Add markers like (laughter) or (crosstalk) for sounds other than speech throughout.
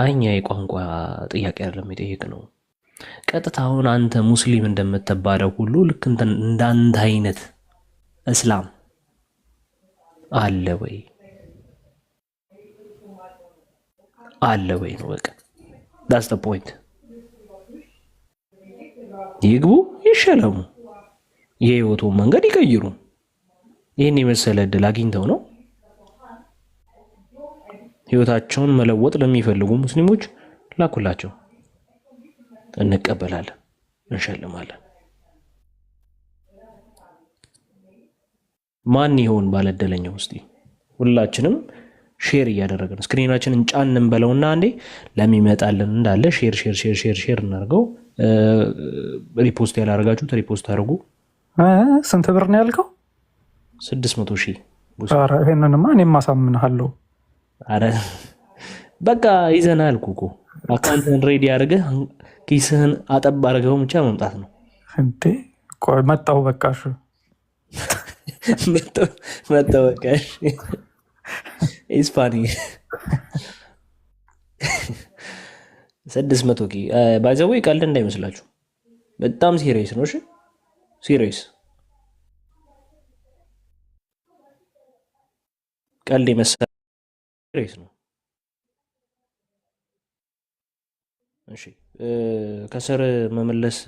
አይኛ የቋንቋ ጥያቄ አይደለም የጠየቅ ነው። ቀጥታ አሁን አንተ ሙስሊም እንደምትባለው ሁሉ ልክ እንዳንተ አይነት እስላም አለ ወይ አለ ወይ ነው በቃ። ዳስ ዘ ፖይንት። ይግቡ፣ ይሸለሙ፣ የህይወቱን መንገድ ይቀይሩ። ይህን የመሰለ እድል አግኝተው ነው ህይወታቸውን መለወጥ ለሚፈልጉ ሙስሊሞች ላኩላቸው። እንቀበላለን፣ እንሸልማለን። ማን ይሆን ባለደለኛው? እስቲ ሁላችንም ሼር እያደረግን ስክሪናችንን ጫን እንበለውና አንዴ ለሚመጣልን እንዳለ ሼር ሼር ሼር ሼር ሼር እናርገው። ሪፖስት ያላረጋችሁት ሪፖስት አድርጉ። ስንት ብር ነው ያልከው? ስድስት መቶ ሺህ ይህንንማ እኔም አሳምንሃለሁ። አረ በቃ ይዘና አልኩ እኮ አካውንትን ሬዲ አድርገህ ኪስህን አጠብ አድርገው ብቻ መምጣት ነው። እንዴ መጣሁ በቃ (laughs) መጣሁ በቃ ስፓኒ ስድስት መቶ ወይ ቀልድ እንዳይመስላችሁ በጣም ሲሪየስ ነው። እሺ ሲሪየስ ቀልድ የመሰ ሬስ ነው። እሺ ከስር መመለስ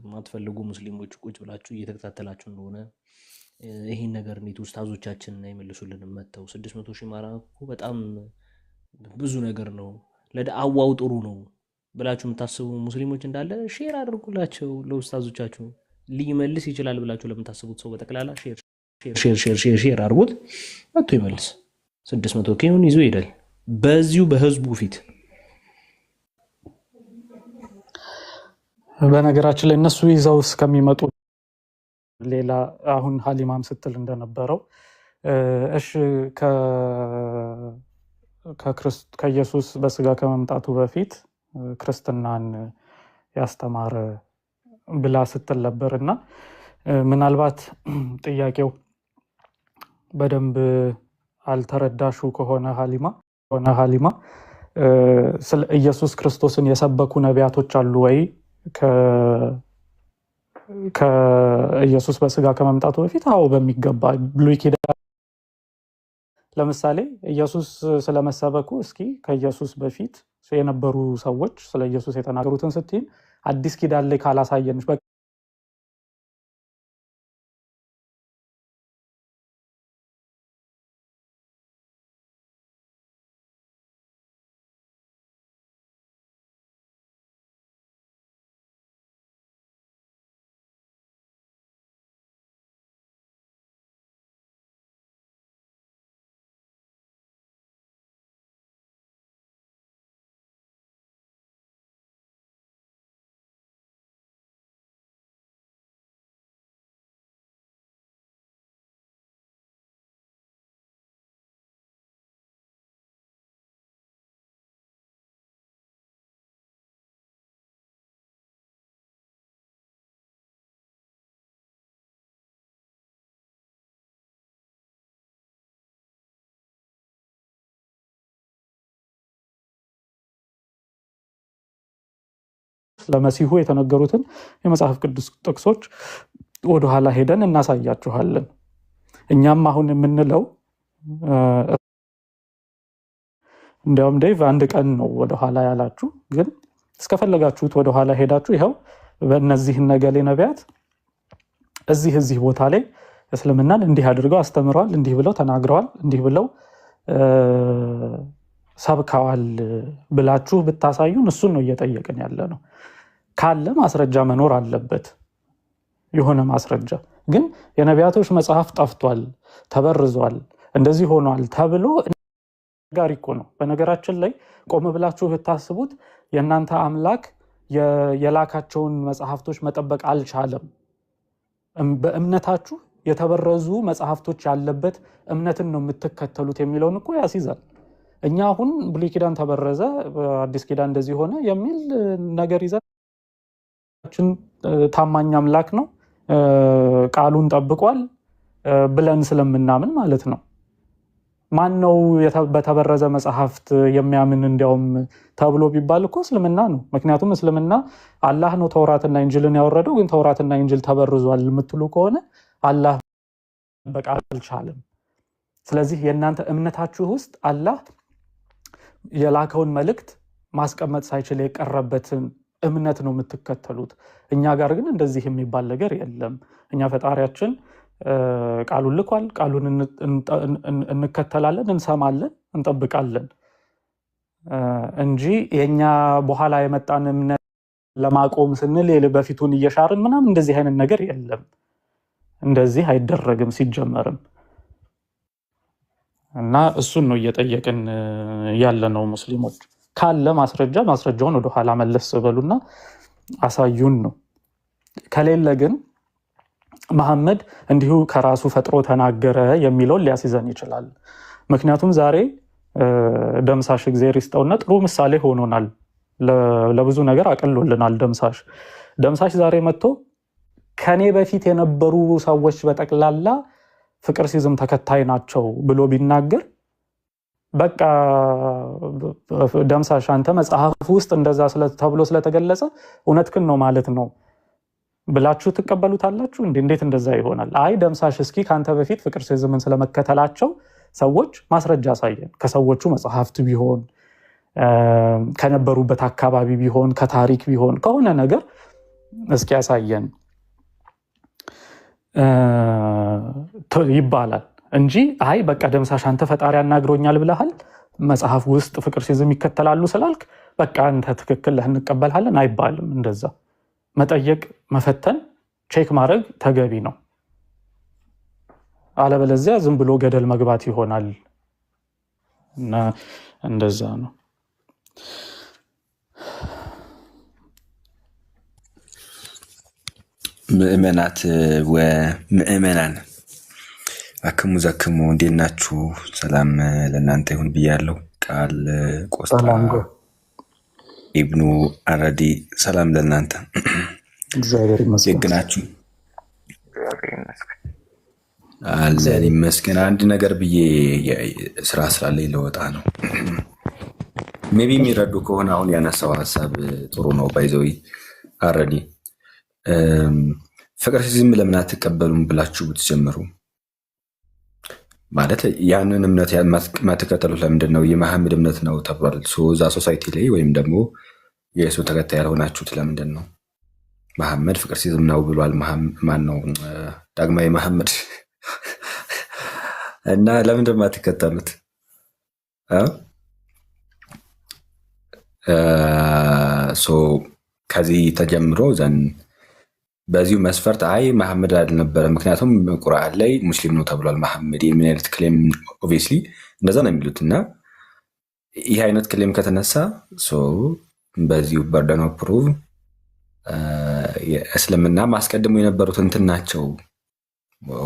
የማትፈልጉ ሙስሊሞች ቁጭ ብላችሁ እየተከታተላችሁ እንደሆነ ይህን ነገር እንዴት ውስታዞቻችን አይመልሱልንም? መጥተው ስድስት መቶ ሺህ ማራ በጣም ብዙ ነገር ነው፣ ለደአዋው ጥሩ ነው ብላችሁ የምታስቡ ሙስሊሞች እንዳለ ሼር አድርጉላቸው ለውስታዞቻችሁ። ሊመልስ ይችላል ብላችሁ ለምታስቡት ሰው በጠቅላላ ሼር አድርጉት፣ መቶ ይመልስ። ስድስት መቶ ኬውን ይዞ ይሄዳል። በዚሁ በህዝቡ ፊት በነገራችን ላይ እነሱ ይዘው እስከሚመጡ ሌላ አሁን ሀሊማም ስትል እንደነበረው እሺ ከኢየሱስ በስጋ ከመምጣቱ በፊት ክርስትናን ያስተማረ ብላ ስትል ነበር እና ምናልባት ጥያቄው በደንብ አልተረዳሹ ከሆነ ሀሊማ ሆነ ሀሊማ ስለ ኢየሱስ ክርስቶስን የሰበኩ ነቢያቶች አሉ ወይ ከኢየሱስ በስጋ ከመምጣቱ በፊት? አዎ በሚገባ ብሉይ ኪዳን ለምሳሌ ኢየሱስ ስለመሰበኩ እስኪ ከኢየሱስ በፊት የነበሩ ሰዎች ስለ ኢየሱስ የተናገሩትን ስትይን አዲስ ኪዳን ላይ ካላሳየንሽ ስለ መሲሁ የተነገሩትን የመጽሐፍ ቅዱስ ጥቅሶች ወደኋላ ሄደን እናሳያችኋለን። እኛም አሁን የምንለው እንዲያውም ዴቭ አንድ ቀን ነው ወደኋላ ያላችሁ፣ ግን እስከፈለጋችሁት ወደኋላ ሄዳችሁ ይኸው በእነዚህ ነገሌ ነቢያት እዚህ እዚህ ቦታ ላይ እስልምናን እንዲህ አድርገው አስተምረዋል፣ እንዲህ ብለው ተናግረዋል፣ እንዲህ ብለው ሰብከዋል ብላችሁ ብታሳዩን እሱን ነው እየጠየቅን ያለ ነው። ካለ ማስረጃ መኖር አለበት። የሆነ ማስረጃ ግን የነቢያቶች መጽሐፍ ጠፍቷል፣ ተበርዟል፣ እንደዚህ ሆኗል ተብሎ ጋር እኮ ነው። በነገራችን ላይ ቆም ብላችሁ ብታስቡት የእናንተ አምላክ የላካቸውን መጽሐፍቶች መጠበቅ አልቻለም። በእምነታችሁ የተበረዙ መጽሐፍቶች ያለበት እምነትን ነው የምትከተሉት የሚለውን እኮ ያስይዛል። እኛ አሁን ብሉይ ኪዳን ተበረዘ፣ አዲስ ኪዳን እንደዚህ ሆነ የሚል ነገር ይዘን አምላካችን ታማኝ አምላክ ነው፣ ቃሉን ጠብቋል ብለን ስለምናምን ማለት ነው። ማን ነው በተበረዘ መጽሐፍት የሚያምን እንዲያውም ተብሎ ቢባል እኮ እስልምና ነው። ምክንያቱም እስልምና አላህ ነው ተውራትና እንጅልን ያወረደው። ግን ተውራትና እንጅል ተበርዟል የምትሉ ከሆነ አላህ በቃ አልቻለም። ስለዚህ የእናንተ እምነታችሁ ውስጥ አላህ የላከውን መልእክት ማስቀመጥ ሳይችል የቀረበትን እምነት ነው የምትከተሉት። እኛ ጋር ግን እንደዚህ የሚባል ነገር የለም። እኛ ፈጣሪያችን ቃሉን ልኳል። ቃሉን እንከተላለን፣ እንሰማለን፣ እንጠብቃለን እንጂ የኛ በኋላ የመጣን እምነት ለማቆም ስንል በፊቱን እየሻርን ምናምን እንደዚህ አይነት ነገር የለም። እንደዚህ አይደረግም ሲጀመርም እና እሱን ነው እየጠየቅን ያለ ነው ሙስሊሞች። ካለ ማስረጃ ማስረጃውን ወደኋላ መለስ በሉና አሳዩን ነው። ከሌለ ግን መሐመድ እንዲሁ ከራሱ ፈጥሮ ተናገረ የሚለውን ሊያስይዘን ይችላል። ምክንያቱም ዛሬ ደምሳሽ እግዜር ይስጠውና ጥሩ ምሳሌ ሆኖናል፣ ለብዙ ነገር አቅሎልናል። ደምሳሽ ደምሳሽ ዛሬ መጥቶ ከኔ በፊት የነበሩ ሰዎች በጠቅላላ ፍቅር ሲዝም ተከታይ ናቸው ብሎ ቢናገር በቃ ደምሳሽ አንተ መጽሐፍ ውስጥ እንደዛ ተብሎ ስለተገለጸ እውነትክን ነው ማለት ነው ብላችሁ ትቀበሉታላችሁ? እንዴት እንደዛ ይሆናል? አይ ደምሳሽ እስኪ ከአንተ በፊት ፍቅር ሲዝምን ስለመከተላቸው ሰዎች ማስረጃ አሳየን። ከሰዎቹ መጽሐፍት ቢሆን ከነበሩበት አካባቢ ቢሆን ከታሪክ ቢሆን ከሆነ ነገር እስኪ ያሳየን ይባላል። እንጂ አይ በቃ ደምሳሽ አንተ ፈጣሪ ያናግሮኛል ብለሃል፣ መጽሐፍ ውስጥ ፍቅር ሲዝም ይከተላሉ ስላልክ በቃ አንተ ትክክል ለህ እንቀበልሃለን አይባልም። እንደዛ መጠየቅ፣ መፈተን፣ ቼክ ማድረግ ተገቢ ነው። አለበለዚያ ዝም ብሎ ገደል መግባት ይሆናል እና እንደዛ ነው። ምእመናት ወምእመናን አክሙ ዘክሙ እንዴት ናችሁ? ሰላም ለእናንተ ይሁን ብያለሁ። ቃል ቆስጣ ኢብኑ አረዲ ሰላም ለእናንተ ግናችሁ። አለን ይመስገን። አንድ ነገር ብዬ ስራ ስራ ላይ ለወጣ ነው። ሜቢ የሚረዱ ከሆነ አሁን ያነሳው ሀሳብ ጥሩ ነው። ባይዘዊ አረዲ ፍቅር ሲዝም ለምን አትቀበሉም ብላችሁ ብትጀምሩ ማለት ያንን እምነት የማትከተሉት ለምንድን ነው? የመሐመድ እምነት ነው ተብሏል። እዛ ሶሳይቲ ላይ ወይም ደግሞ የእሱ ተከታይ ያልሆናችሁት ለምንድን ነው? መሐመድ ፍቅር ሲዝም ነው ብሏል። ማን ነው ዳግማዊ መሐመድ (laughs) እና ለምንድን የማትከተሉት? ከዚህ ተጀምሮ ዘን በዚሁ መስፈርት አይ መሐመድ አልነበረ፣ ምክንያቱም ቁርአን ላይ ሙስሊም ነው ተብሏል መሐመድ የሚል አይነት ክሌም ኦብቪየስሊ እንደዛ ነው የሚሉት እና ይህ አይነት ክሌም ከተነሳ በዚሁ በርደን ፕሩቭ እስልምና ማስቀድሞ የነበሩት እንትን ናቸው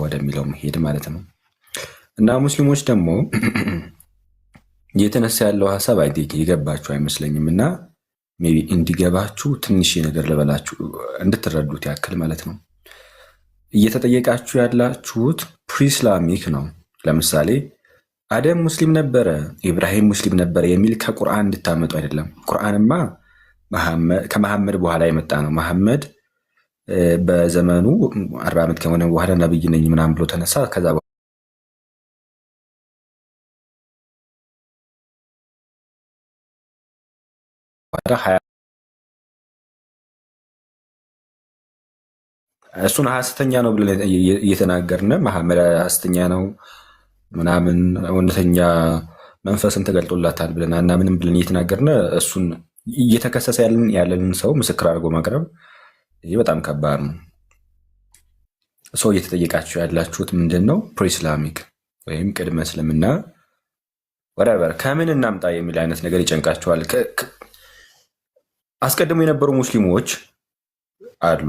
ወደሚለው መሄድ ማለት ነው እና ሙስሊሞች ደግሞ (clears throat) እየተነሳ ያለው ሀሳብ አይ ቲንክ አይመስለኝም እና ሜይ ቢ እንዲገባችሁ ትንሽ ነገር ልበላችሁ እንድትረዱት ያክል ማለት ነው። እየተጠየቃችሁ ያላችሁት ፕሪስላሚክ ነው። ለምሳሌ አደም ሙስሊም ነበረ፣ ኢብራሂም ሙስሊም ነበረ የሚል ከቁርአን እንድታመጡ አይደለም። ቁርአንማ ከመሐመድ በኋላ የመጣ ነው። መሐመድ በዘመኑ አርባ ዓመት ከሆነ በኋላ ነብይ ነኝ ምናምን ብሎ ተነሳ ከዛ እሱን ሀስተኛ ነው ብለን እየተናገርን መሐመድ ሐሰተኛ ነው ምናምን እውነተኛ መንፈስን ተገልጦላታል ብለን ምንም ብለን እየተናገርን እሱን እየተከሰሰ ያለንን ሰው ምስክር አድርጎ ማቅረብ ይህ በጣም ከባድ ነው። ሰው እየተጠየቃችሁ ያላችሁት ምንድን ነው? ፕሪስላሚክ ወይም ቅድመ እስልምና ወረበር ከምን እናምጣ የሚል አይነት ነገር ይጨንቃችኋል። አስቀድሞ የነበሩ ሙስሊሞች አሏ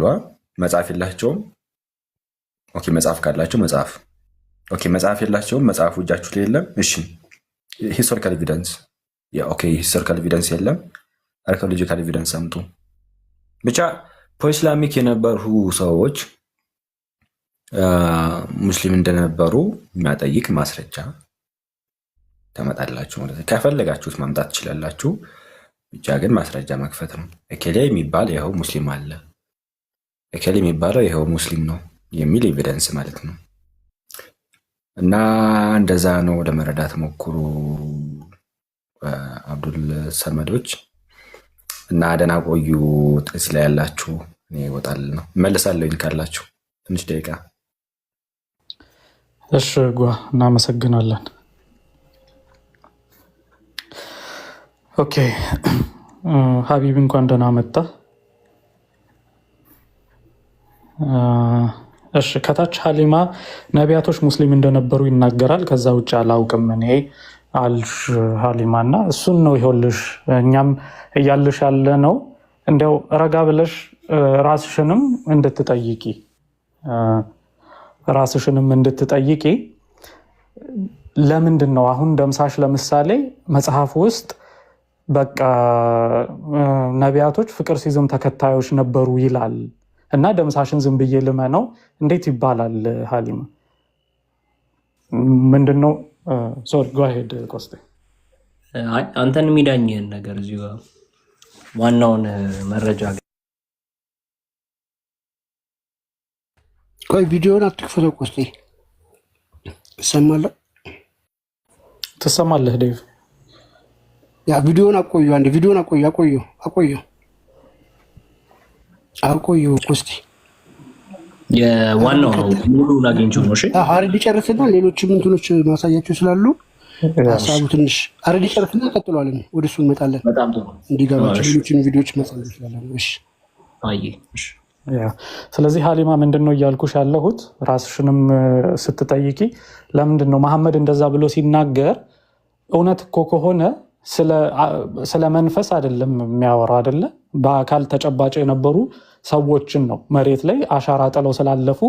መጽሐፍ የላቸውም። ኦኬ መጽሐፍ ካላቸው መጽሐፍ ኦኬ መጽሐፍ የላቸውም። መጽሐፉ እጃችሁ ላይ የለም። እሺ ሂስቶሪካል ኤቪደንስ ኦኬ ሂስቶሪካል ኤቪደንስ የለም። አርኪኦሎጂካል ኤቪደንስ አምጡ። ብቻ ፖኢስላሚክ የነበሩ ሰዎች ሙስሊም እንደነበሩ የሚያጠይቅ ማስረጃ ተመጣላችሁ ማለት ከፈለጋችሁት ማምጣት ትችላላችሁ። ብቻ ግን ማስረጃ መክፈት ነው። እከሌ የሚባል ይኸው ሙስሊም አለ፣ እከሌ የሚባለው ይኸው ሙስሊም ነው የሚል ኤቪደንስ ማለት ነው። እና እንደዛ ነው ለመረዳት ሞክሩ አብዱል ሰመዶች። እና ደህና ቆዩ። ጥስ ላይ ያላችሁ ይወጣል ነው መልሳለኝ ካላችሁ ትንሽ ደቂቃ። እሺ ጓ እናመሰግናለን። ኦኬ (clears throat) ሀቢብ እንኳን ደህና መጣ። እሺ ከታች ሀሊማ ነቢያቶች ሙስሊም እንደነበሩ ይናገራል። ከዛ ውጭ አላውቅም እኔ አልሽ ሀሊማ እና እሱን ነው ይኸውልሽ፣ እኛም እያልሽ ያለ ነው። እንዲያው ረጋ ብለሽ ራስሽንም እንድትጠይቂ ራስሽንም እንድትጠይቂ ለምንድን ነው አሁን ደምሳሽ ለምሳሌ መጽሐፍ ውስጥ በቃ ነቢያቶች ፍቅር ሲዝም ተከታዮች ነበሩ ይላል እና ደምሳሽን ዝም ብዬ ልመ ነው እንዴት ይባላል? ሀሊም ምንድነው? ሶሪ ጓሄድ ቆስጤ አንተን የሚዳኝህን ነገር እዚሁ ዋናውን መረጃ ቆይ ቪዲዮን አትክፈተው። ቆስጤ ትሰማለህ? ትሰማለህ ዴቭ ያ ቪዲዮን አቆዩ፣ አንድ ቪዲዮን አቆዩ፣ አቆዩ፣ አቆዩ፣ አቆዩ። እስኪ የዋናው ነው ሙሉ ላግኝቸው ነው። እሺ አሬዲ ጨርስና ሌሎችም እንትኖች ማሳያቸው ስላሉ ሀሳቡ ትንሽ አሬዲ ጨርስና ቀጥሏለን፣ ወደ እሱ እንመጣለን። እንዲገባቸው ሌሎችን ቪዲዮዎች መጻፍ ይችላለን። እሺ አይ እሺ ስለዚህ ሀሊማ ምንድን ነው እያልኩሽ ያለሁት ራስሽንም ስትጠይቂ ለምንድን ነው መሐመድ እንደዛ ብሎ ሲናገር እውነት እኮ ከሆነ ስለ መንፈስ አይደለም የሚያወራ አይደለ። በአካል ተጨባጭ የነበሩ ሰዎችን ነው መሬት ላይ አሻራ ጥለው ስላለፉ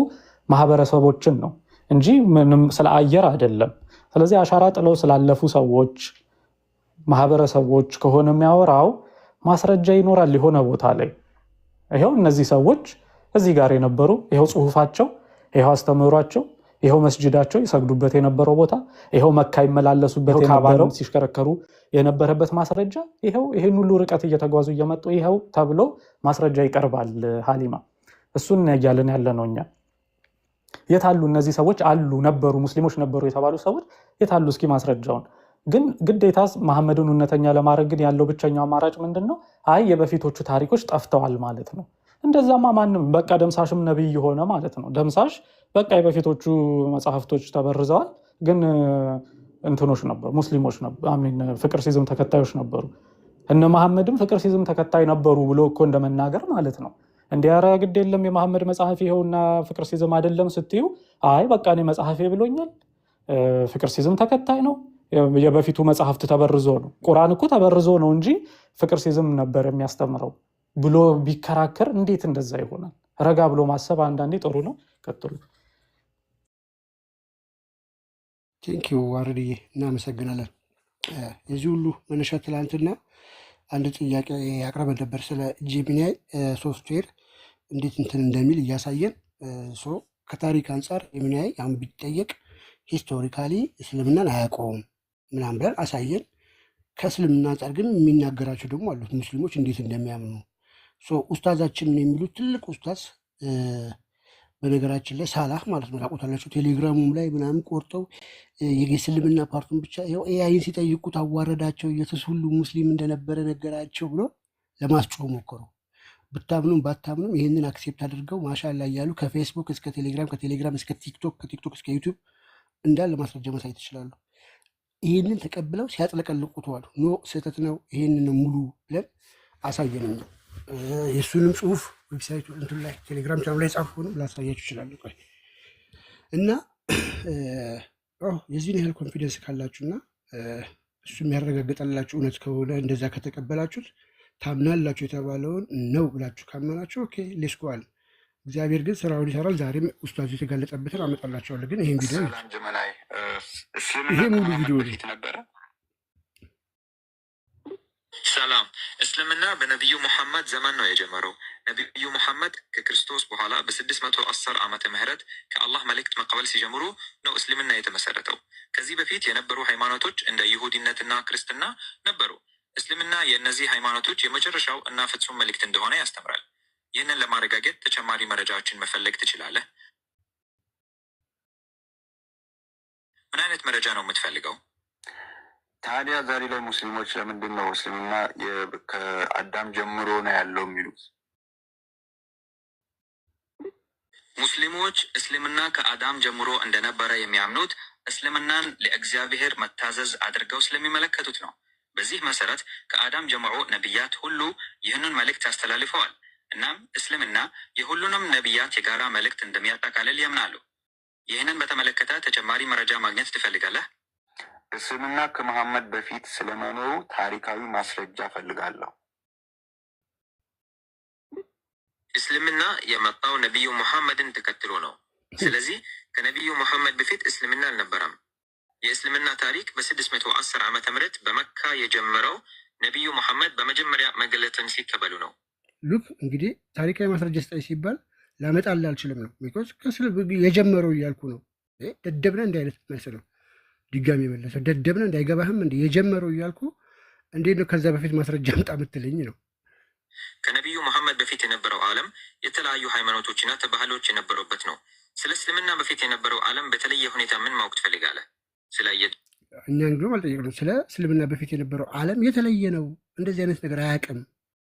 ማህበረሰቦችን ነው እንጂ ምንም ስለ አየር አይደለም። ስለዚህ አሻራ ጥለው ስላለፉ ሰዎች፣ ማህበረሰቦች ከሆነ የሚያወራው ማስረጃ ይኖራል የሆነ ቦታ ላይ ይኸው እነዚህ ሰዎች እዚህ ጋር የነበሩ ይኸው ጽሁፋቸው፣ ይኸው አስተምሯቸው። ይኸው መስጅዳቸው ይሰግዱበት የነበረው ቦታ ይኸው መካ ይመላለሱበት የነበረው ሲሽከረከሩ የነበረበት ማስረጃ ይኸው ይህን ሁሉ ርቀት እየተጓዙ እየመጡ ይኸው ተብሎ ማስረጃ ይቀርባል። ሀሊማ እሱን እያለን ያለ ነው እኛ። የታሉ እነዚህ ሰዎች አሉ ነበሩ ሙስሊሞች ነበሩ የተባሉ ሰዎች የታሉ? እስኪ ማስረጃውን ግን ግዴታ መሐመድን እውነተኛ ለማድረግ ግን ያለው ብቸኛው አማራጭ ምንድን ነው? አይ የበፊቶቹ ታሪኮች ጠፍተዋል ማለት ነው። እንደዛማ ማንም በቃ ደምሳሽም ነቢይ የሆነ ማለት ነው ደምሳሽ በቃ የበፊቶቹ መጽሐፍቶች ተበርዘዋል፣ ግን እንትኖች ነበሩ፣ ሙስሊሞች ፍቅር ሲዝም ተከታዮች ነበሩ። እነ መሐመድም ፍቅር ሲዝም ተከታይ ነበሩ ብሎ እኮ እንደመናገር ማለት ነው። እንዲህ ግድ የለም የመሐመድ መጽሐፍ ይኸውና ፍቅር ሲዝም አይደለም ስትዩ፣ አይ በቃ እኔ መጽሐፌ ብሎኛል፣ ፍቅር ሲዝም ተከታይ ነው የበፊቱ መጽሐፍት ተበርዞ ነው። ቁርአን እኮ ተበርዞ ነው እንጂ ፍቅር ሲዝም ነበር የሚያስተምረው ብሎ ቢከራከር እንዴት እንደዛ ይሆናል? ረጋ ብሎ ማሰብ አንዳንዴ ጥሩ ነው። ቀጥሉ። ቴንኪዩ አርድዬ እናመሰግናለን። የዚህ ሁሉ መነሻ ትላንትና አንድ ጥያቄ ያቅረበ ነበር ስለ ጄሚናይ ሶፍትዌር እንዴት እንትን እንደሚል እያሳየን ከታሪክ አንጻር ጄሚናይ አሁን ቢጠየቅ ሂስቶሪካሊ እስልምናን አያውቀውም ምናምን ብለን አሳየን። ከእስልምና አንጻር ግን የሚናገራቸው ደግሞ አሉት ሙስሊሞች እንዴት እንደሚያምኑ ኡስታዛችን የሚሉት ትልቅ ኡስታዝ በነገራችን ላይ ሳላህ ማለት ነው ታውቁታላችሁ። ቴሌግራሙም ላይ ምናምን ቆርጠው የእስልምና ፓርቱን ብቻ ያው ኤአይን ሲጠይቁት አዋረዳቸው። ኢየሱስ ሁሉ ሙስሊም እንደነበረ ነገራቸው ብሎ ለማስጮህ ሞከሩ። ብታምኑም ባታምኑም ይህንን አክሴፕት አድርገው ማሻላ እያሉ ከፌስቡክ እስከ ቴሌግራም፣ ከቴሌግራም እስከ ቲክቶክ፣ ከቲክቶክ እስከ ዩቱብ እንዳለ ማስረጃ ማሳየት ይችላሉ። ይህንን ተቀብለው ሲያጥለቀልቁት ኖ ስህተት ነው፣ ይህንን ሙሉ ብለን አሳየን። የእሱንም ጽሁፍ ዌብሳይቱ እንትን ላይ ቴሌግራም ቻናሉ ላይ ጻፍ ጻፍኩንም ላሳያችሁ ይችላሉ። ቆይ እና የዚህን ያህል ኮንፊደንስ ካላችሁና እሱ የሚያረጋግጠላችሁ እውነት ከሆነ እንደዛ ከተቀበላችሁት ታምናላችሁ የተባለውን ነው ብላችሁ ካመናችሁ ኦኬ ሌስኮዋል። እግዚአብሔር ግን ስራውን ይሰራል። ዛሬም ውስታዙ የተጋለጠበትን አመጣላቸዋለሁ። ግን ይህን ቪዲዮ ይሄ ሙሉ ቪዲዮ ነበረ። ሰላም እስልምና በነቢዩ ሙሐመድ ዘመን ነው የጀመረው። ነቢዩ ሙሐመድ ከክርስቶስ በኋላ በስድስት መቶ አስር ዓመተ ምህረት ከአላህ መልእክት መቀበል ሲጀምሩ ነው እስልምና የተመሰረተው። ከዚህ በፊት የነበሩ ሃይማኖቶች እንደ ይሁዲነትና ክርስትና ነበሩ። እስልምና የእነዚህ ሃይማኖቶች የመጨረሻው እና ፍጹም መልእክት እንደሆነ ያስተምራል። ይህንን ለማረጋገጥ ተጨማሪ መረጃዎችን መፈለግ ትችላለህ። ምን አይነት መረጃ ነው የምትፈልገው? ታዲያ ዛሬ ላይ ሙስሊሞች ለምንድን ነው እስልምና ከአዳም ጀምሮ ነው ያለው የሚሉት? ሙስሊሞች እስልምና ከአዳም ጀምሮ እንደነበረ የሚያምኑት እስልምናን ለእግዚአብሔር መታዘዝ አድርገው ስለሚመለከቱት ነው። በዚህ መሰረት ከአዳም ጀምሮ ነቢያት ሁሉ ይህንን መልእክት አስተላልፈዋል። እናም እስልምና የሁሉንም ነቢያት የጋራ መልእክት እንደሚያጠቃልል ያምናሉ። ይህንን በተመለከተ ተጨማሪ መረጃ ማግኘት ትፈልጋለህ? እስምና ከመሐመድ በፊት ስለመኖሩ ታሪካዊ ማስረጃ ፈልጋለሁ። እስልምና የመጣው ነቢዩ መሐመድን ተከትሎ ነው። ስለዚህ ከነቢዩ መሐመድ በፊት እስልምና አልነበረም። የእስልምና ታሪክ በስድስት መቶ አስር ዓመተ ምህረት በመካ የጀመረው ነቢዩ መሐመድ በመጀመሪያ መገለጥን ሲቀበሉ ነው። ሉክ እንግዲህ ታሪካዊ ማስረጃ ስጠኝ ሲባል ላመጣልህ አልችልም ነው። ቢኮዝ ከስል የጀመረው እያልኩ ነው። ደደብነ እንዲህ አይነት መልስ ነው። ድጋሚ መለሰ። ደደብነ እንዳይገባህም እንደ የጀመረው እያልኩ እንዴት ነው ከዛ በፊት ማስረጃ አምጣ ምትልኝ ነው። ከነቢዩ መሐመድ በፊት የነበረው ዓለም የተለያዩ ሃይማኖቶችና ባህሎች የነበሩበት ነው። ስለ እስልምና በፊት የነበረው ዓለም በተለየ ሁኔታ ምን ማወቅ ትፈልጋለህ? ስለየ እኛ እንግዲህ አልጠየቅነው። ስለ እስልምና በፊት የነበረው ዓለም የተለየ ነው። እንደዚህ አይነት ነገር አያውቅም፣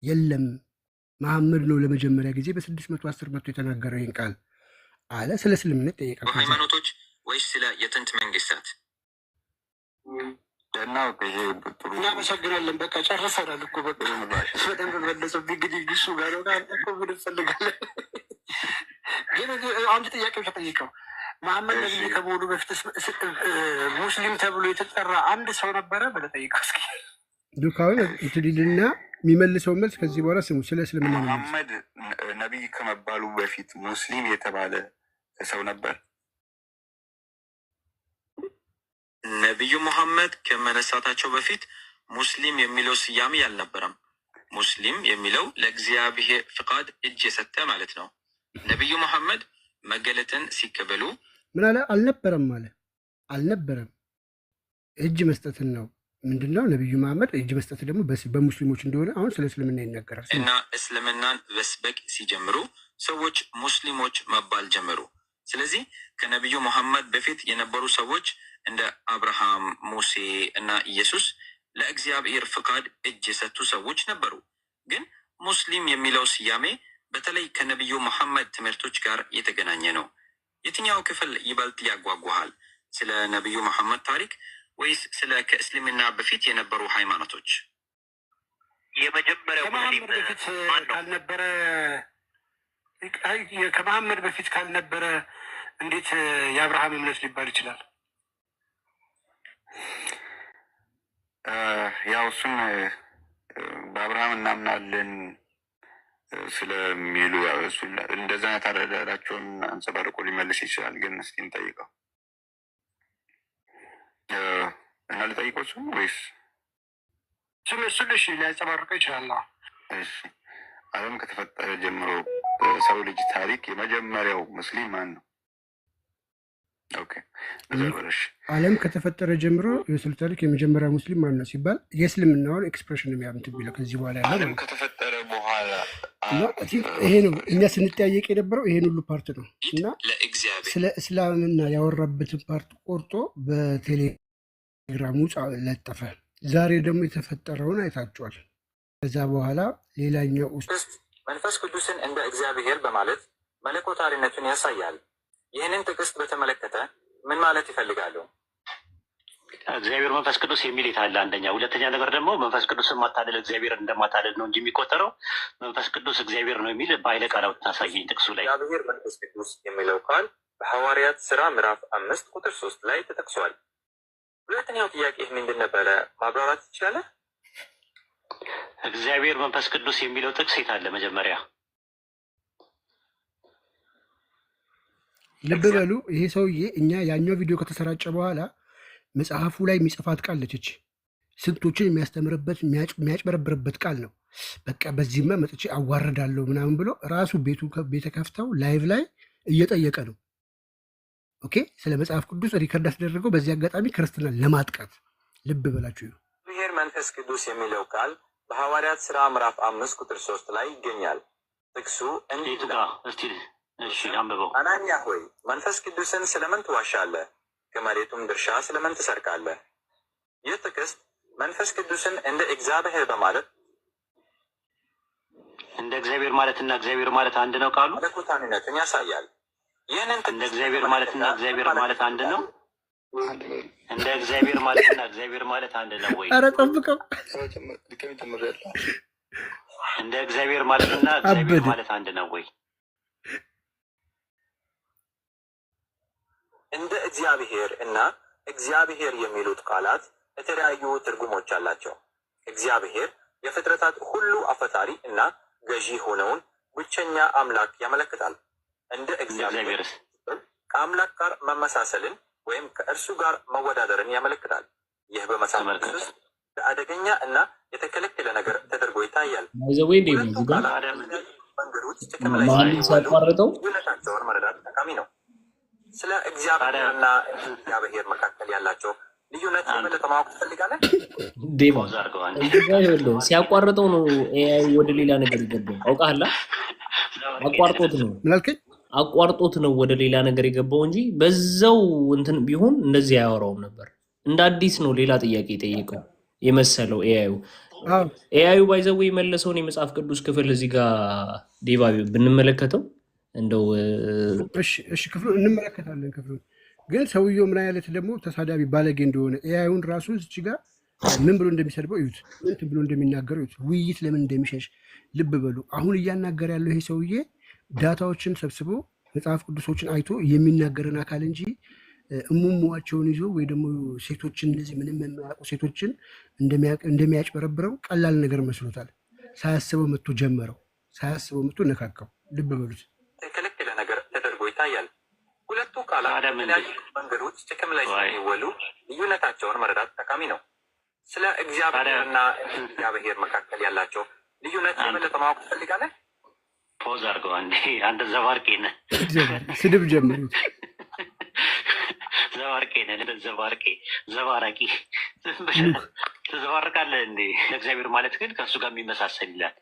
የለም። መሐመድ ነው ለመጀመሪያ ጊዜ በስድስት መቶ አስር መቶ የተናገረው ይህን ቃል አለ። ስለ እስልምና ጠየቀ ሃይማኖቶች ወይስ ስለ የጥንት መንግስታት እናመሰግናለን። በቃ ጨርሰናል እኮ በደንብ መለሰው። እንግዲህ ግሱ ጋር ምን እንፈልጋለን? ግን አንድ ጥያቄ ተጠይቀው መሐመድ ነቢይ ከመሆኑ በፊት ሙስሊም ተብሎ የተጠራ አንድ ሰው ነበረ ብለህ ጠይቀው እስኪ። ዱካዊ ትድድና የሚመልሰው መልስ ከዚህ በኋላ ስሙ። ስለ እስልምና መሐመድ ነቢይ ከመባሉ በፊት ሙስሊም የተባለ ሰው ነበር። ነቢዩ መሐመድ ከመነሳታቸው በፊት ሙስሊም የሚለው ስያሜ አልነበረም። ሙስሊም የሚለው ለእግዚአብሔር ፍቃድ እጅ የሰጠ ማለት ነው። ነቢዩ መሐመድ መገለጥን ሲቀበሉ ምን አለ? አልነበረም አለ። አልነበረም እጅ መስጠትን ነው። ምንድነው? ነቢዩ መሐመድ እጅ መስጠት ደግሞ በሙስሊሞች እንደሆነ አሁን ስለ እስልምና ይነገራል እና እስልምናን መስበክ ሲጀምሩ ሰዎች ሙስሊሞች መባል ጀመሩ። ስለዚህ ከነቢዩ ሙሐመድ በፊት የነበሩ ሰዎች እንደ አብርሃም፣ ሙሴ እና ኢየሱስ ለእግዚአብሔር ፍቃድ እጅ የሰጡ ሰዎች ነበሩ። ግን ሙስሊም የሚለው ስያሜ በተለይ ከነቢዩ መሐመድ ትምህርቶች ጋር የተገናኘ ነው። የትኛው ክፍል ይበልጥ ያጓጓሃል? ስለ ነቢዩ መሐመድ ታሪክ ወይስ ስለ ከእስልምና በፊት የነበሩ ሃይማኖቶች? የመጀመሪያው በፊት ካልነበረ ከመሐመድ በፊት ካልነበረ እንዴት የአብርሃም እምነት ሊባል ይችላል? ያው እሱን በአብርሃም እናምናለን ስለሚሉ እንደዛ አይነት አረዳዳቸውን አንጸባርቆ ሊመልስ ይችላል። ግን እስኪ እንጠይቀው እና ልጠይቀው እሱን ወይስ እሱን እሱን ሊያንጸባርቀው ይችላል? ዓለም ከተፈጠረ ጀምሮ በሰው ልጅ ታሪክ የመጀመሪያው ሙስሊም ማን ነው? ዓለም ከተፈጠረ ጀምሮ የሰው ታሪክ የመጀመሪያ ሙስሊም ማን ነው ሲባል የእስልምናውን ኤክስፕሬሽን ነው የሚያምት ቢለው ከዚህ በኋላ ያለ ከተፈጠረ በኋላ ይሄ ነው። እኛ ስንጠያየቅ የነበረው ይሄን ሁሉ ፓርት ነው እና ስለ እስላምና ያወራበትን ፓርት ቆርጦ በቴሌግራሙ ለጠፈ። ዛሬ ደግሞ የተፈጠረውን አይታችኋል። ከዛ በኋላ ሌላኛው ውስጥ መንፈስ ቅዱስን እንደ እግዚአብሔር በማለት መለኮታሪነቱን ያሳያል። ይህንን ጥቅስ በተመለከተ ምን ማለት ይፈልጋሉ? እግዚአብሔር መንፈስ ቅዱስ የሚል የታለ? አንደኛ። ሁለተኛ ነገር ደግሞ መንፈስ ቅዱስን ማታለል እግዚአብሔር እንደማታለል ነው እንጂ የሚቆጠረው መንፈስ ቅዱስ እግዚአብሔር ነው የሚል በኃይለ ቃል ታሳየኝ። ጥቅሱ ላይ እግዚአብሔር መንፈስ ቅዱስ የሚለው ቃል በሐዋርያት ስራ ምዕራፍ አምስት ቁጥር ሶስት ላይ ተጠቅሷል። ሁለተኛው ጥያቄ ምንድን ነበረ? ማብራራት ይቻላል? እግዚአብሔር መንፈስ ቅዱስ የሚለው ጥቅስ የት አለ? መጀመሪያ ልብ በሉ። ይሄ ሰውዬ እኛ ያኛው ቪዲዮ ከተሰራጨ በኋላ መጽሐፉ ላይ የሚጽፋት ቃል ለችች ስንቶችን የሚያስተምርበት የሚያጭበረብርበት ቃል ነው። በቃ በዚህማ መጥቼ አዋርዳለሁ ምናምን ብሎ ራሱ ቤቱ ቤተ ከፍተው ላይቭ ላይ እየጠየቀ ነው። ኦኬ ስለ መጽሐፍ ቅዱስ ሪከርድ አስደረገው። በዚህ አጋጣሚ ክርስትና ለማጥቃት ልብ በላችሁ። ብሔር መንፈስ ቅዱስ የሚለው ቃል በሐዋርያት ስራ ምዕራፍ አምስት ቁጥር ሶስት ላይ ይገኛል። ጥቅሱ እንዲህ አናንያ ሆይ መንፈስ ቅዱስን ስለምን ትዋሻለህ? ከመሬቱም ድርሻ ስለምን ትሰርቃለህ? ይህ ጥቅስ መንፈስ ቅዱስን እንደ እግዚአብሔር በማለት እንደ እግዚአብሔር ማለትና እግዚአብሔር ማለት አንድ ነው ቃሉ መለኮታዊነትን ያሳያል። ይህንን እንደ እግዚአብሔር እና እግዚአብሔር ማለት አንድ ነው እንደ እግዚአብሔር ማለት እና እግዚአብሔር ማለት አንድ ነው ወይ? እንደ እግዚአብሔር ማለት እና እግዚአብሔር ማለት አንድ ነው ወይ? እንደ እግዚአብሔር እና እግዚአብሔር የሚሉት ቃላት የተለያዩ ትርጉሞች አላቸው። እግዚአብሔር የፍጥረታት ሁሉ አፈታሪ እና ገዢ ሆነውን ብቸኛ አምላክ ያመለክታል። እንደ እግዚአብሔር ከአምላክ ጋር መመሳሰልን ወይም ከእርሱ ጋር መወዳደርን ያመለክታል። ይህ በመሳመርት ውስጥ ለአደገኛ እና የተከለከለ ነገር ተደርጎ ይታያል። መንገዶች መረዳት ጠቃሚ ነው። ስለ እግዚአብሔርና እግዚአብሔር መካከል ያላቸው ልዩነት የበለጠ ማወቅ ትፈልጋለህ? ሲያቋርጠው ነው ወደ ሌላ ነገር ይገባው። አውቃላ (laughs) አቋርጦት ነው ምን አቋርጦት ነው ወደ ሌላ ነገር የገባው እንጂ በዛው እንትን ቢሆን እንደዚህ አያወራውም ነበር። እንደ አዲስ ነው ሌላ ጥያቄ የጠየቀው የመሰለው ኤአዩ ኤአዩ ባይዘው የመለሰውን የመጽሐፍ ቅዱስ ክፍል እዚህ ጋር ዴባ ብንመለከተው እንደው እሺ ክፍሉ እንመለከታለን። ክፍሉ ግን ሰውየው ምን አይነት ደግሞ ተሳዳቢ ባለጌ እንደሆነ ኤአዩን ራሱ እዚህ ጋር ምን ብሎ እንደሚሰድበው እዩት፣ ምን ብሎ እንደሚናገረው እዩት። ውይይት ለምን እንደሚሸሽ ልብ በሉ። አሁን እያናገር ያለው ይሄ ሰውዬ ዳታዎችን ሰብስቦ መጽሐፍ ቅዱሶችን አይቶ የሚናገረን አካል እንጂ እሙሙዋቸውን ይዞ ወይ ደግሞ ሴቶችን እነዚህ ምንም የማያውቁ ሴቶችን እንደሚያጭበረብረው ቀላል ነገር መስሎታል። ሳያስበው መጥቶ ጀመረው፣ ሳያስበው መጥቶ ነካካው። ልብ በሉት። የተለከለ ነገር ተደርጎ ይታያል። ሁለቱ ቃላት መንገዶች ጥቅም ላይ የሚወሉ ልዩነታቸውን መረዳት ጠቃሚ ነው። ስለ እግዚአብሔርና እግዚአብሔር መካከል ያላቸው ልዩነት የበለጠ ማወቅ ትፈልጋለን? ፖዝ አን አንተ ዘባርቄ ነህ፣ ስድብ ጀምሩ። ዘባርቄ ነህ፣ ዘባርቄ፣ ዘባራቂ፣ ተዘባርቃለህ እንዴ! ለእግዚአብሔር ማለት ግን ከእሱ ጋር የሚመሳሰል ይላል